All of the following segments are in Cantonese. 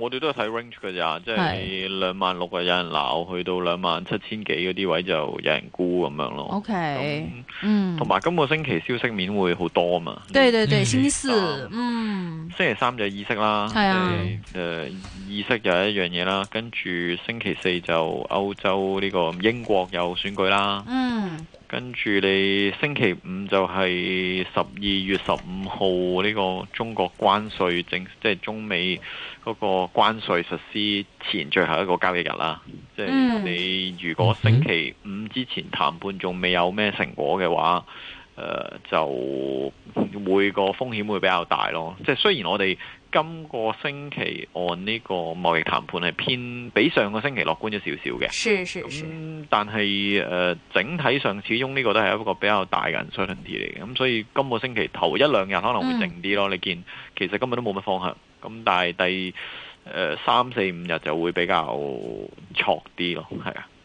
我哋都係睇 range 噶咋，即係兩萬六啊，有人鬧，去到兩萬七千幾嗰啲位就有人沽咁樣咯。O Okay , K，那嗯，同埋今個星期消息面會好多嘛。對對對， 星期四，嗯，星期三就議息啦，係是啊，誒，議息又係一樣嘢啦。跟住星期四就歐洲呢個英國有選舉啦。嗯。跟住你星期五就係十二月十五號呢個中國關稅整，即係中美嗰個關稅實施前最後一個交易日啦。即係你如果星期五之前談判仲未有咩成果嘅話，誒就會個風險會比較大咯。即係雖然我哋。今個星期按呢個貿易談判係偏比上個星期樂觀咗少少嘅，咁是、嗯、但係誒、呃，整體上始終呢個都係一個比較大嘅 uncertainty 嚟嘅。咁、嗯、所以今個星期頭一兩日可能會靜啲咯。嗯、你見其實今日都冇乜方向。咁、嗯、但係第、呃、三四五日就會比較錯啲咯，係啊。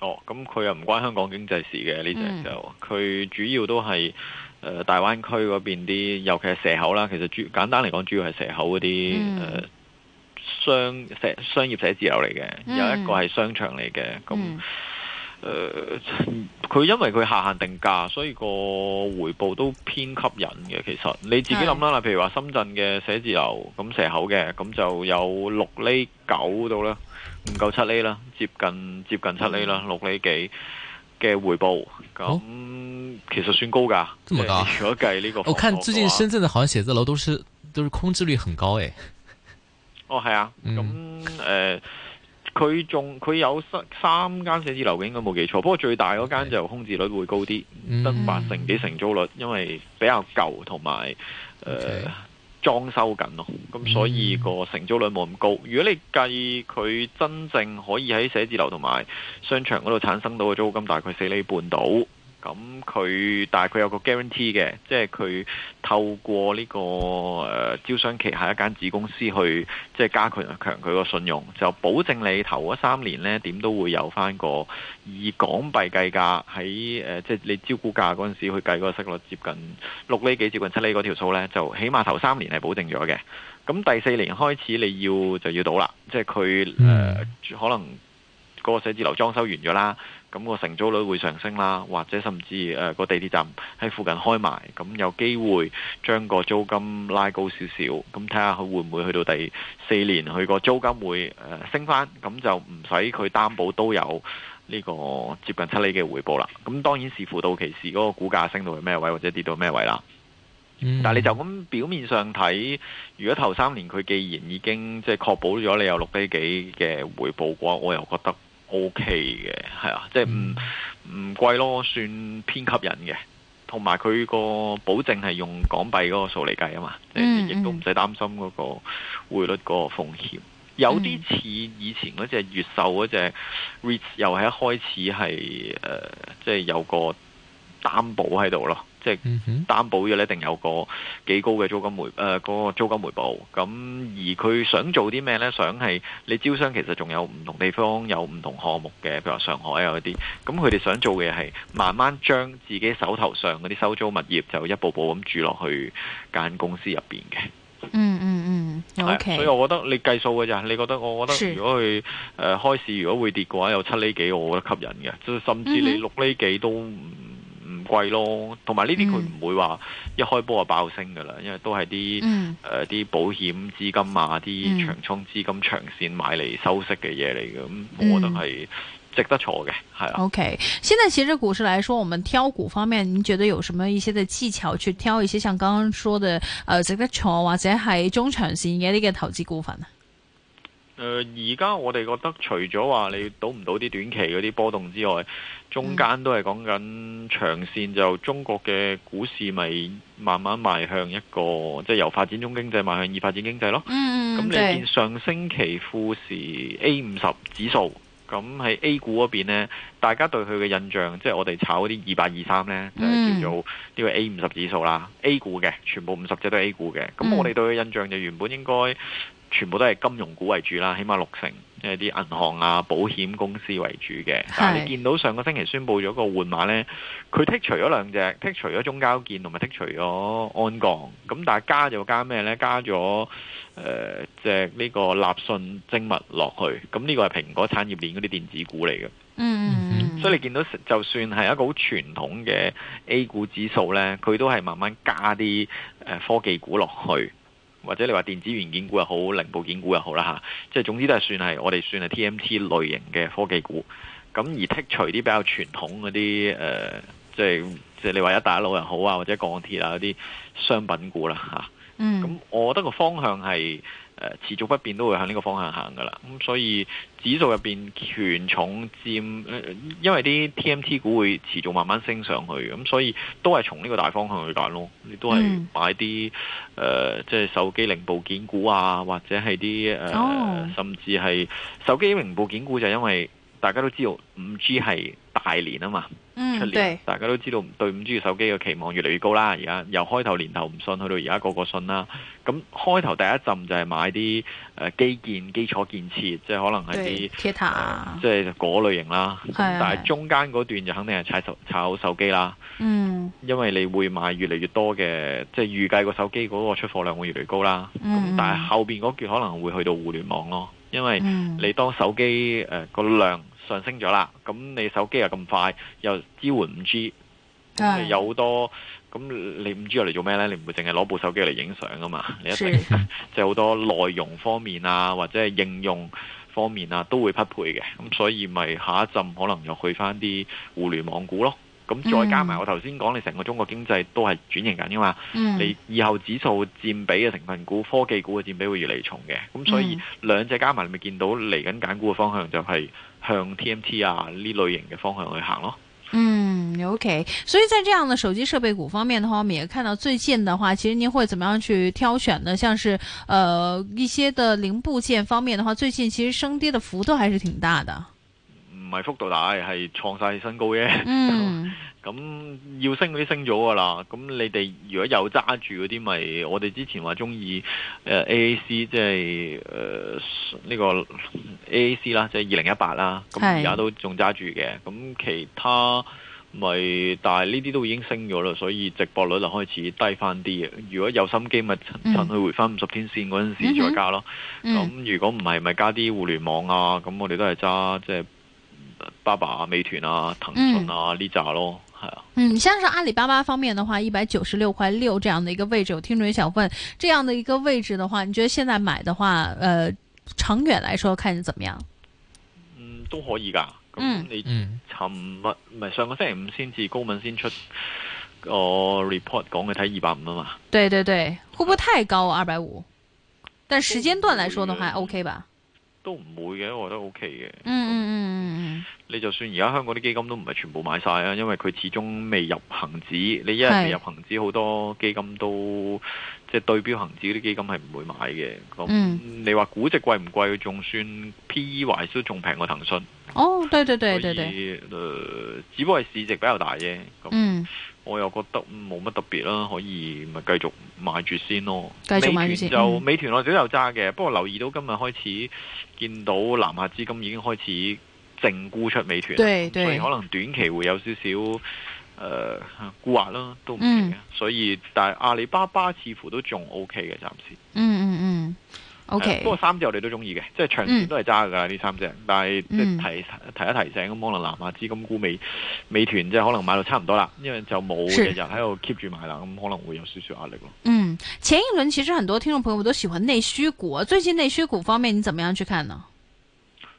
哦，咁佢又唔關香港經濟事嘅呢隻就，佢、嗯、主要都係誒、呃、大灣區嗰邊啲，尤其係蛇口啦。其實主，簡單嚟講，主要係蛇口嗰啲誒商商業寫字樓嚟嘅，嗯、有一個係商場嚟嘅，咁。嗯誒，佢、呃、因為佢下限定價，所以個回報都偏吸引嘅。其實你自己諗啦，譬、嗯、如話深圳嘅寫字樓咁蛇口嘅，咁就有六厘九度啦，唔夠七厘啦，接近接近七厘啦，六厘幾嘅回報，咁、嗯嗯、其實算高㗎。這麼、呃、如果計呢個、哦，我看最近深圳嘅好像寫字樓都是都是空置率很高誒、哎。 哦，係啊，咁誒。嗯呃佢仲佢有三三間寫字樓嘅應該冇記錯，不過最大嗰間就空置率會高啲，得八成幾成租率，因為比較舊同埋誒，裝修緊咯。咁所以個成租率冇咁高。如果你計佢真正可以喺寫字樓同埋商場嗰度產生到嘅租金，大概四厘半到。咁佢但係佢有個 guarantee 嘅，即係佢透過呢、這個誒、呃、招商旗下一間子公司去，即係加強強佢個信用，就保證你頭嗰三年咧，點都會有翻個以港幣計價喺誒，即係你招股價嗰陣時去計個息率接近六厘幾，接近七厘嗰條數咧，就起碼頭三年係保證咗嘅。咁第四年開始你要就要到啦，即係佢誒可能嗰個寫字樓裝修完咗啦。咁個承租率會上升啦，或者甚至個、呃、地鐵站喺附近開埋，咁有機會將個租金拉高少少。咁睇下佢會唔會去到第四年，佢個租金會、呃、升翻，咁就唔使佢擔保都有呢個接近七厘嘅回報啦。咁當然視乎到期時嗰個股價升到去咩位，或者跌到咩位啦。嗯、但你就咁表面上睇，如果頭三年佢既然已經即係確保咗你有六釐幾嘅回報嘅話，我又覺得。O K 嘅，係、okay、啊，即係唔唔貴咯，算偏吸引嘅，同埋佢個保證係用港幣嗰個數嚟計啊嘛，亦都唔使擔心嗰個匯率嗰個風險，嗯嗯有啲似以前嗰隻越秀嗰隻 reach，嗯嗯、又係一開始係誒、呃，即係有個擔保喺度咯。即係擔、mm hmm. 保嘅一定有個幾高嘅租金回誒嗰個租金回報。咁而佢想做啲咩呢？想係你招商，其實仲有唔同地方有唔同項目嘅，譬如話上海啊嗰啲。咁佢哋想做嘅嘢係慢慢將自己手頭上嗰啲收租物業就一步步咁注落去間公司入邊嘅。嗯嗯嗯，O K。所以我覺得你計數嘅就係，你覺得，我覺得如果佢誒是、呃、開市如果會跌嘅話，有七厘幾，我覺得吸引嘅。甚至你六厘幾都唔。Mm hmm. 唔貴咯，同埋呢啲佢唔會話一開波就爆升噶啦，嗯、因為都係啲誒啲保險資金啊，啲長倉資金長線買嚟收息嘅嘢嚟，咁、嗯嗯、我覺得係值得坐嘅，係啊 O、okay. K，現在其實股市嚟說，我們挑股方面，你覺得有什麼一些嘅技巧去挑？一些像剛剛說的誒、呃，值得坐或者係中長線嘅一啲嘅投資股份啊？誒，而家、呃、我哋覺得除咗話你賭唔到啲短期嗰啲波動之外，中間都係講緊長線，就中國嘅股市咪慢慢邁向一個即係、就是、由發展中經濟邁向二發展經濟咯。咁、嗯、你見上星期富時 A 五十指數，咁喺 A 股嗰邊呢，大家對佢嘅印象，即、就、係、是、我哋炒嗰啲二百二三呢，就係、是、叫做呢個 A 五十指數啦、嗯、，A 股嘅，全部五十隻都係 A 股嘅。咁我哋對佢印象就原本應該，全部都係金融股為主啦，起碼六成，即係啲銀行啊、保險公司為主嘅。但係你見到上個星期宣布咗個換馬呢，佢剔除咗兩隻，剔除咗中交建同埋剔除咗安鋼。咁但係加咗加咩呢？加咗誒只呢個立訊精密落去。咁、這、呢個係蘋果產業鏈嗰啲電子股嚟嘅。嗯，嗯，嗯，所以你見到就算係一個好傳統嘅 A 股指數呢，佢都係慢慢加啲科技股落去。或者你話電子元件股又好，零部件股又好啦嚇，即係總之都係算係我哋算係 TMT 類型嘅科技股，咁而剔除啲比較傳統嗰啲誒，即係即係你話一大佬又好啊，或者鋼鐵啊嗰啲商品股啦嚇，咁、嗯、我覺得個方向係。呃、持續不變都會向呢個方向行㗎喇，咁、嗯、所以指數入邊權重佔、呃，因為啲 TMT 股會持續慢慢升上去，咁、嗯、所以都係從呢個大方向去揀咯，你都係買啲誒，即、呃、係、就是、手機零部件股啊，或者係啲誒，呃 oh. 甚至係手機零部件股就是因為大家都知道五 G 係大年啊嘛。年嗯、大家都知道對五 G 嘅手機嘅期望越嚟越高啦。而家由開頭年頭唔信，去到而家個個信啦。咁、嗯、開頭第一陣就係買啲誒、呃、基建基礎建設，即係可能係啲對、呃、即係嗰類型啦。對但係中間嗰段就肯定係踩手炒手機啦。嗯，因為你會買越嚟越多嘅，即係預計個手機嗰個出貨量會越嚟越高啦。咁、嗯、但係後面嗰段可能會去到互聯網咯，因為你當手機誒、嗯呃那個量。上升咗啦，咁你手機又咁快，又支援五 G，< 是的 S 1> 有好多，咁你五 G 又嚟做咩呢？你唔會淨係攞部手機嚟影相噶嘛？你一定即係好多內容方面啊，或者係應用方面啊，都會匹配嘅。咁所以咪下一陣可能又去翻啲互聯網股咯。咁、嗯、再加埋我頭先講，你成個中國經濟都係轉型緊噶嘛？你以後指數佔比嘅成分股，科技股嘅佔比會越嚟越重嘅，咁、嗯、所以兩隻加埋，你咪見到嚟緊揀股嘅方向就係向 TMT 啊呢類型嘅方向去行咯。嗯，OK。所以在這樣的手機設備股方面的話，我們也看到最近的話，其實你會怎麼樣去挑選呢？像是，呃，一些的零部件方面的話，最近其實升跌的幅度還是挺大的。唔係幅度大，係創晒新高啫。咁、嗯、 要升嗰啲升咗噶啦。咁你哋如果有揸住嗰啲，咪我哋之前話鍾意誒 A AC、呃這個、A C，即係呢個 A A C 啦，即係二零一八啦。咁而家都仲揸住嘅。咁是其他咪，但係呢啲都已經升咗啦，所以值博率就開始低翻啲。如果有心機，咪趁佢回返五十天線嗰陣時再加咯。咁如果唔係，咪、嗯、加啲互聯網啊。咁我哋都係揸即係。爸爸啊，美團啊，騰訊啊呢紮、嗯、咯，係啊。嗯，像是阿里巴巴方面的話，一百九十六塊六這樣的一個位置，有聽眾也想問，這樣的一個位置的話，你覺得現在買的話，呃，長遠來說，看你怎麼樣？嗯，都可以噶。嗯，你，尋日唔係上個星期五先至高文先出哦、呃、report 講嘅睇二百五啊嘛。對對對，會唔會太高啊？二百五，但時間段來說的話普，OK 吧？都唔會嘅，我覺得 OK 嘅。嗯嗯、mm hmm. um, 你就算而家香港啲基金都唔係全部買晒啊，因為佢始終未入恒指，你一日未入恒指，好是多基金都。即係對標恒指嗰啲基金係唔會買嘅，咁、嗯、你話估值貴唔貴？仲算 PE 話亦都仲平過騰訊。哦，對對對，所以對對，對、呃，只不過係市值比較大啫。嗯，我又覺得冇乜特別啦，可以咪繼續買住先咯。繼續買住先。美就、嗯、美團我哋都有揸嘅，不過留意到今日開始見到南下資金已經開始淨沽出美團，對對，所以可能短期會有少少。誒、呃，固華啦都唔奇嘅，嗯、所以但係阿里巴巴似乎都仲 O K 嘅暫時。嗯嗯嗯，O K。的 Okay. 不過三隻我哋都中意嘅，即係長線都係揸噶呢三隻，但係係、嗯、提提一提醒咁，可能南下資金股美美團即係可能買到差唔多啦，因為就冇日日喺度 keep 住買啦，咁可能會有少少壓力咯。嗯，前一輪其實很多聽眾朋友都喜歡內需股，最近內需股方面你怎麼樣去看呢？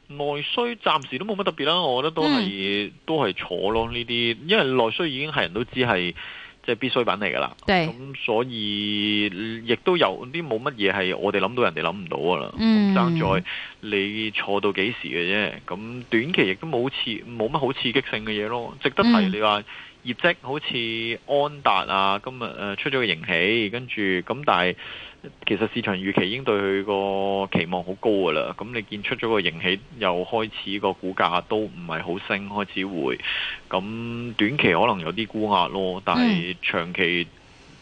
內需暫時都冇乜特別啦，我覺得都係、嗯、都係坐咯呢啲，因為內需已經係人都知係即係必需品嚟噶啦，咁對所以亦都有啲冇乜嘢係我哋諗到，人到，人哋諗唔到噶啦，爭在你坐到幾時嘅啫，咁短期亦都冇刺冇乜好刺激性嘅嘢咯，值得提，嗯、你話業績好似安達啊，今日出咗個盈喜，跟住咁但係。其實市場預期已經對佢個期望好高噶啦，咁你見出咗個盈喜，又開始個股價都唔係好升，開始回，咁短期可能有啲沽壓咯，但係長期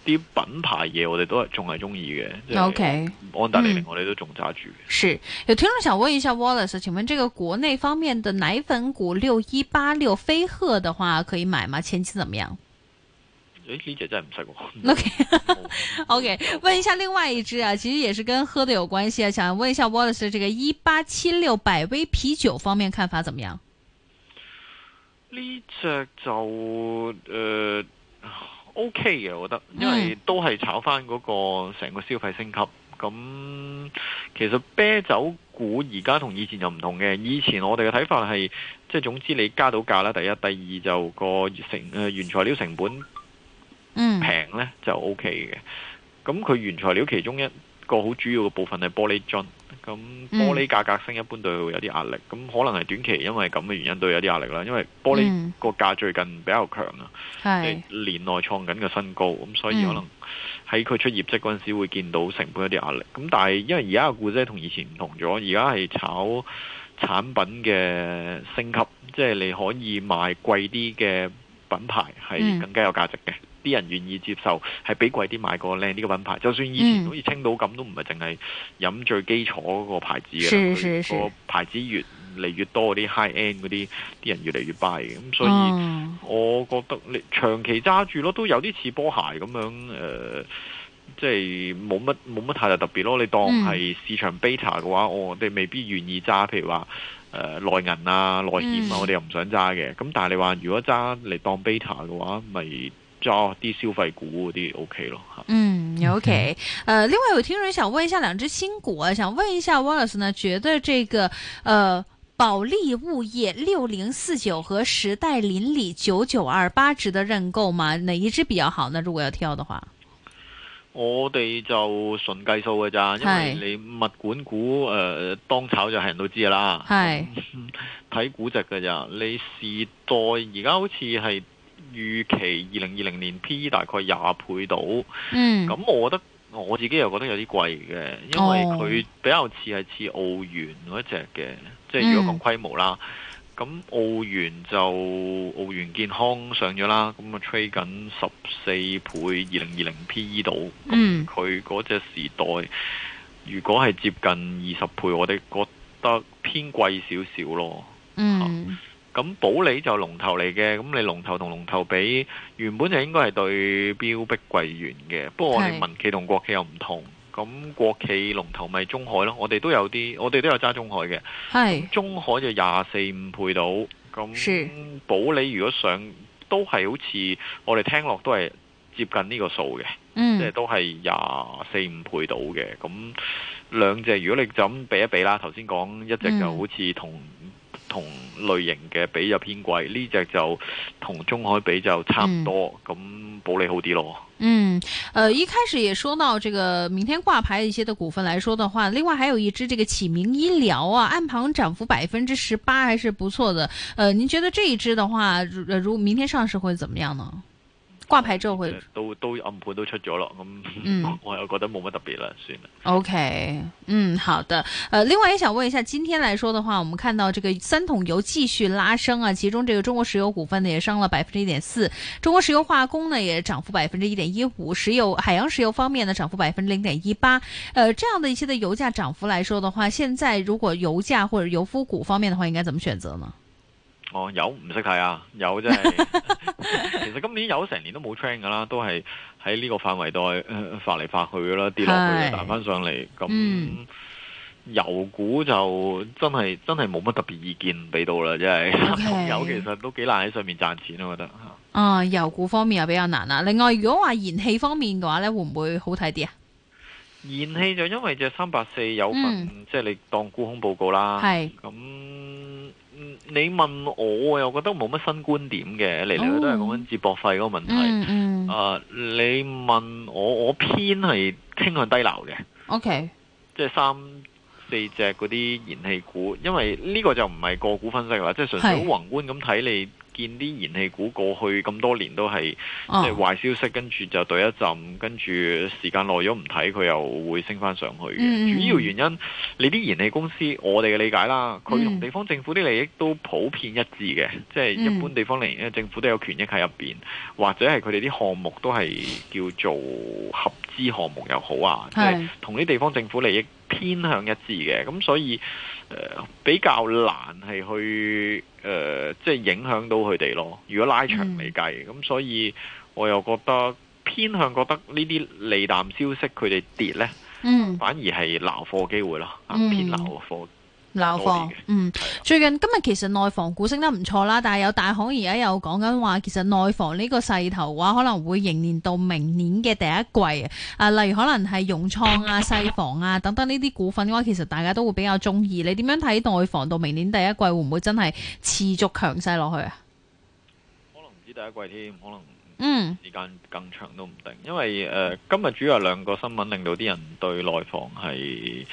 啲、嗯、品牌嘢我哋 Okay 都係仲係中意嘅。O K，安踏李寧我哋都仲揸住。是有聽眾想問一下 Wallace，請問這個國內方面的奶粉股六一八六飛鶴的話，可以買嗎？前期怎麼樣？呢隻、哎這個、真係唔識喎。O K O K，問一下另外一隻啊，其實也是跟喝的有關係啊。想問一下 Wallace，呢個一八七六百威啤酒方面看法怎麼樣？呢隻就誒 O K 嘅，我覺得，因為都係炒翻，嗰個成個消費升級。咁、嗯嗯、其實啤酒股而家同以前又唔同嘅，以前我哋嘅睇法係即係總之你加到價啦，第一、第二就個成誒、呃、原材料成本。平呢就 O K 嘅。咁佢原材料其中一個好主要嘅部分係玻璃樽，咁玻璃價格升一般對佢會有啲壓力。咁、嗯、可能係短期因為咁嘅原因對佢有啲壓力啦。因為玻璃個價最近比較強啦，嗯、年內創緊嘅新高，咁是所以可能喺佢出業績嗰陣時會見到成本有啲壓力。咁但係因為而家嘅故事同以前唔同咗，而家係炒產品嘅升級，即係你可以賣貴啲嘅品牌係更加有價值嘅。嗯啲人願意接受係比貴啲買過呢、呢個靚啲嘅品牌，就算以前好似青島咁都唔係淨係飲最基礎嗰個牌子嘅，係係係個牌子越嚟越多嗰啲 high end 嗰啲，啲人越嚟越 buy 嘅，咁所以我覺得、哦、你長期揸住咯，都有啲似波鞋咁樣，誒、呃，即係冇乜冇乜太特別咯。你當係市場 beta 嘅話，嗯哦、我哋未必願意揸。譬如話誒、呃、內銀啊內險啊，嗯、我哋又唔想揸嘅。咁但係你話如果揸嚟當 beta 嘅話，咪？啲、哦、消費股嗰啲 OK 咯，嗯 OK，、呃、另外有聽人想問一下兩支新股啊，想問一下 Wallace 呢，覺得這個誒、呃、保利物業六零四九和時代鄰里九九二八值得認購嗎？哪一支比較好呢？那如果要挑的話，我哋就純計數嘅咋，因為你物管股誒、呃、當炒就係人都知嘅啦，係睇是、嗯、估值嘅咋，你時代而家好似係。預期二零二零年 P/E 大概廿倍到。咁、嗯、我覺得我自己又覺得有啲貴嘅，因為佢比較似係似澳元嗰隻嘅，嗯、即係如果講規模啦，咁澳元就澳元健康上咗啦，咁啊吹緊十四倍二零二零 P/E 到度、嗯，佢嗰隻時代如果係接近二十倍，我哋覺得偏貴少少咯。嗯。咁保利就龍頭嚟嘅，咁你龍頭同龍頭比，原本就應該係對標碧桂園嘅。不過我哋民企同國企又唔同，咁國企龍頭咪中海咯。我哋都有啲，我哋都有揸中海嘅。係中海就廿四五倍到，咁保利如果上都係好似我哋聽落都係接近呢個數嘅，即係都係廿四五倍到嘅。咁兩隻如果你就咁比一比啦，頭先講一隻就好似同同類型嘅比較偏貴，呢隻就同中海比就差唔多，咁、嗯、保利好啲咯。嗯，呃，一開始也說到這個明天掛牌一些的股份來說的話，另外還有一隻這個啟明醫療啊，暗盤漲幅百分之十八還是不錯的。呃，您覺得這一隻的話，如如明天上市會怎麼樣呢？掛牌之後會都都暗盤都出咗咯，咁嗯，我又覺得冇乜特別啦，算、嗯、啦。OK，嗯，好的。呃，另外也想問一下，今天來說的話，我們看到這個三桶油繼續拉升啊，其中這個中國石油股份呢也升了百分之一點四，中國石油化工呢也漲幅百分之一點一五，石油海洋石油方面呢漲幅百分之零點一八。呃，這樣的一些的油價漲幅來說的話，現在如果油價或者油服股方面的話，應該怎麼選擇呢？哦，有唔識睇啊，有真係，其實今年有成年都冇 train 噶啦，都係喺呢個範圍內發嚟發去噶啦，跌落去，彈翻上嚟。咁油股就真係真係冇乜特別意見俾到啦，即係油其實都幾難喺上面賺錢，我覺得吓。哦，油股方面又比較難啦。另外，如果話燃氣方面嘅話咧，會唔會好睇啲啊？燃氣就因為隻三八四有份，即係你當沽空報告啦。係咁。你問我，我又覺得冇乜新觀點嘅，嚟嚟去去都係講緊接駁費嗰個問題。啊、oh. mm hmm. 呃，你問我，我偏係傾向低流嘅。O Okay . K，即係三四隻嗰啲燃氣股，因為呢個就唔係個股分析啦，即係純粹好宏觀咁睇你。見啲燃氣股過去咁多年都係即係壞消息，oh. 跟住就對一陣，跟住時間耐咗唔睇，佢又會升翻上去嘅。Mm hmm. 主要原因你啲燃氣公司，我哋嘅理解啦，佢同地方政府啲利益都普遍一致嘅，mm hmm. 即係一般地方嚟，政府都有權益喺入邊，或者係佢哋啲項目都係叫做合資項目又好啊，mm hmm. 即係同啲地方政府利益偏向一致嘅，咁所以。誒、呃，比較難係去誒、呃，即係影響到佢哋咯。如果拉長嚟計，咁、嗯、所以我又覺得偏向覺得呢啲利淡消息佢哋跌咧，嗯、反而係撈貨機會咯，偏撈貨機會。嗯嗯內房，嗯，的最近今日其實內房股升得唔錯啦，但係有大行而家有講緊話，其實內房呢個勢頭話可能會迎年到明年嘅第一季啊，例如可能係融創啊、細 房啊等等呢啲股份嘅話，其實大家都會比較鍾意。你點樣睇內房到明年第一季會唔會真係持續強勢落去啊？可能唔止第一季添，可能。嗯，時間更長都唔定，因為誒、呃、今日主要有兩個新聞令到啲人對內房係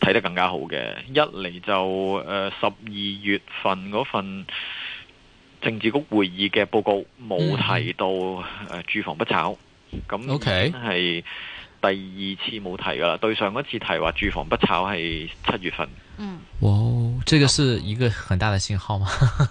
睇得更加好嘅。一嚟就誒十二月份嗰份政治局會議嘅報告冇提到誒、嗯呃、住房不炒，咁係第二次冇提㗎啦。對上一次提話住房不炒係七月份。嗯，哇，這個是一個很大的信號嗎？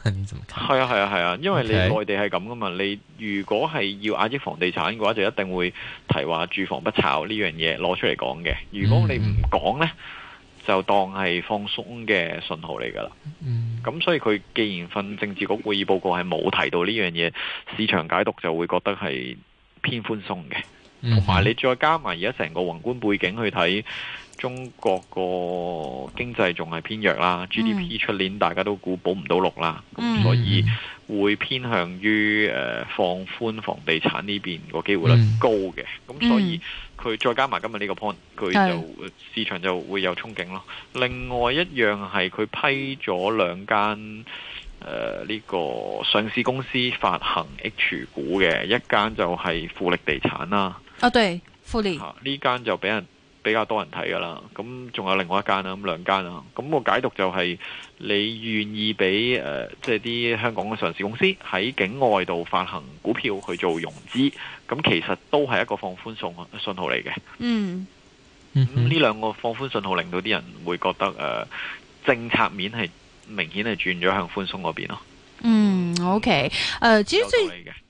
你怎麼看？係啊，係啊，係啊，因為你內地係咁噶嘛。Okay. 你如果係要壓抑房地產嘅話，就一定會提話住房不炒呢樣嘢攞出嚟講嘅。如果你唔講呢，嗯、就當係放鬆嘅信號嚟噶啦。嗯，咁所以佢既然份政治局會議報告係冇提到呢樣嘢，市場解讀就會覺得係偏寬鬆嘅。同埋、嗯、你再加埋而家成個宏觀背景去睇。中國個經濟仲係偏弱啦，GDP 出年大家都估保唔到六啦，咁、嗯、所以會偏向於誒、呃、放寬房地產呢邊個機會率高嘅，咁、嗯、所以佢再加埋今日呢個 point，佢就市場就會有憧憬咯。的另外一樣係佢批咗兩間誒呢個上市公司發行 H 股嘅，一間就係富力地產啦。啊、哦，對，富力呢間、啊、就俾人。比較多人睇噶啦，咁仲有另外一間啦，咁兩間啦，咁我解讀就係你願意俾誒，即係啲香港嘅上市公司喺境外度發行股票去做融資，咁其實都係一個放寬信信號嚟嘅。嗯，咁呢兩個放寬信號令到啲人會覺得誒、呃，政策面係明顯係轉咗向寬鬆嗰邊咯。嗯，OK，誒、uh,，至於最。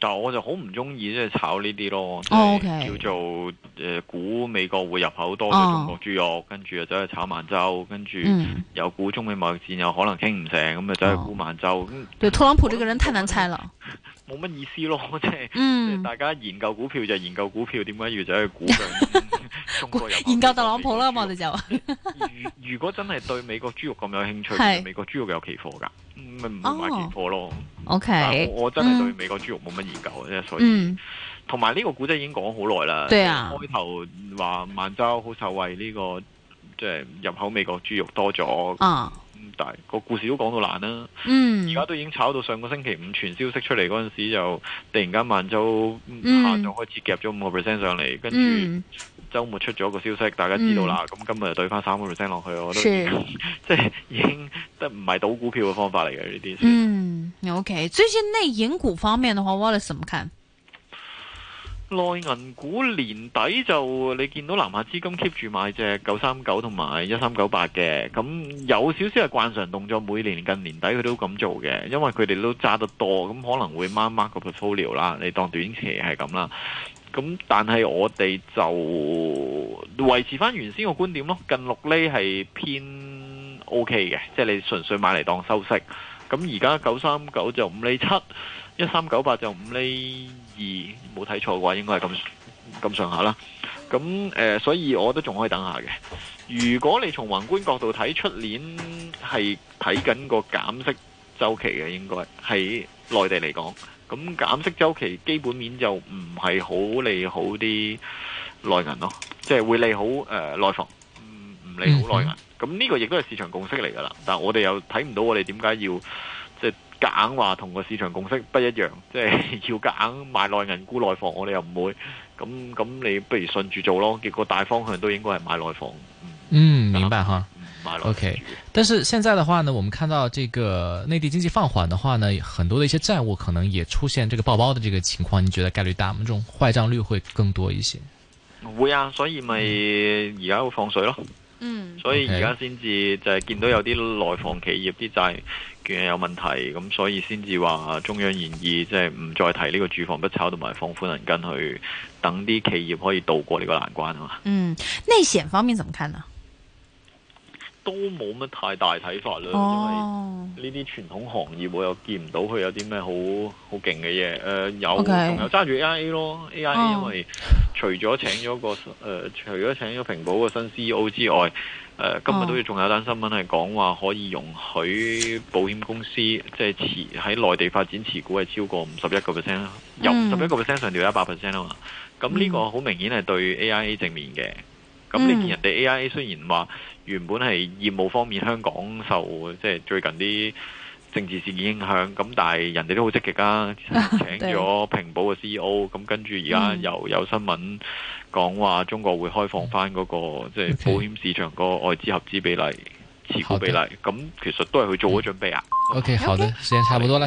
但我就好唔中意即係炒呢啲咯，就是、叫做誒、呃，估美國會入口多咗、就是、中國豬肉，oh. 跟住又走去炒萬洲，跟住又估中美貿易戰又可能傾唔成，咁就走去估萬洲。Oh. 跟對特朗普這個人太難猜啦，冇乜意思咯，即、就、係、是、大家研究股票就研究股票，點解要走去估中國？ 研究特朗普啦，咁我哋就。 如果真係對美國豬肉咁有興趣，是美國豬肉有期貨噶。咪唔買期貨咯。哦、o、okay, K，、嗯、我真係對美國豬肉冇乜研究，即係所以。同埋呢個故事已經講好耐啦。對啊，開頭話萬洲好受惠呢、這個，即、就、係、是、入口美國豬肉多咗。啊，但係個故事都講到爛啦。嗯，而家都已經炒到上個星期五，傳消息出嚟嗰陣時就突然間萬洲下晝開始夾咗五個 percent 上嚟，嗯、跟住著。嗯周末出咗個消息，大家知道啦。咁、嗯、今日就懟翻三個 percent 落去，我都即係已經，即係唔係賭股票嘅方法嚟嘅呢啲。嗯，OK。最近內銀股方面的話，Wallace 怎麼看？內銀股年底就你見到南下資金 keep 住買只九三九同埋一三九八嘅，咁有少少係慣常動作。每年近年底佢都咁做嘅，因為佢哋都揸得多，咁可能會 mark mark 個 portfolio 啦。你當短期係咁啦。咁但係我哋就維持翻原先個觀點咯，近六厘係偏 OK 嘅，即係你純粹買嚟當收息。咁而家九三九就五厘七，一三九八就五厘二，冇睇錯嘅話應該係咁咁上下啦。咁誒，所以我都仲可以等下嘅。如果你從宏觀角度睇，出年係睇緊個減息周期嘅，應該喺內地嚟講。咁減息周期基本面就唔係好利好啲內銀咯，即係會利好、呃、內房，唔利好內銀。咁呢、嗯嗯、個亦都係市場共識嚟㗎喇。但係我哋又睇唔到我哋點解要即係夾硬話同個市場共識不一樣，即係要夾硬買內銀沽內房，我哋又唔會。咁咁你不如順住做咯，結果大方向都應該係買內房。嗯，明白嚇 O、okay, K，但是現在的話呢，我們看到這個內地經濟放緩的話呢，很多的一些債務可能也出現這個爆煲，包的這個情況，你覺得概率大嗎？這種壞賬率會更多一些？會啊，所以咪而家會放水咯。嗯，所以而家先至就係見到有啲內房企業啲債居然有問題，咁所以先至話中央願意即係唔再提呢個住房不炒，同埋放寬銀根去等啲企業可以渡過呢個難關啊嘛。嗯，內險方面怎麼看呢？都冇乜太大睇法咯，oh. 因為呢啲傳統行業我又見唔到佢有啲咩好好勁嘅嘢。誒、呃、有，仲 Okay. 有揸住 AIA 咯、oh.，AIA 因為除咗請咗個誒、呃，除咗請咗蘋果個新 CEO 之外，呃、今日都仲有單新聞係講話可以容許保險公司即係、就是、持喺內地發展持股係超過五十一個 percent，由五十一個 percent 上調一百 percent 啊嘛。咁呢個好明顯係對 AIA 正面嘅。咁你見人哋 AIA 雖然話，原本係業務方面，香港受即係最近啲政治事件影響，咁但係人哋都好積極啊，請咗平保嘅 CEO，咁跟住而家又有新聞講話中國會開放翻、那、嗰個即係、嗯、保險市場個外資合資比例持股比例，咁其實都係佢做咗準備啊。OK，好嘅，時間差唔多啦。